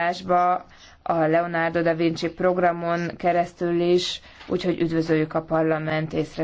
írásba, a Leonardo da Vinci programon keresztül is, úgyhogy üdvözöljük a parlament észre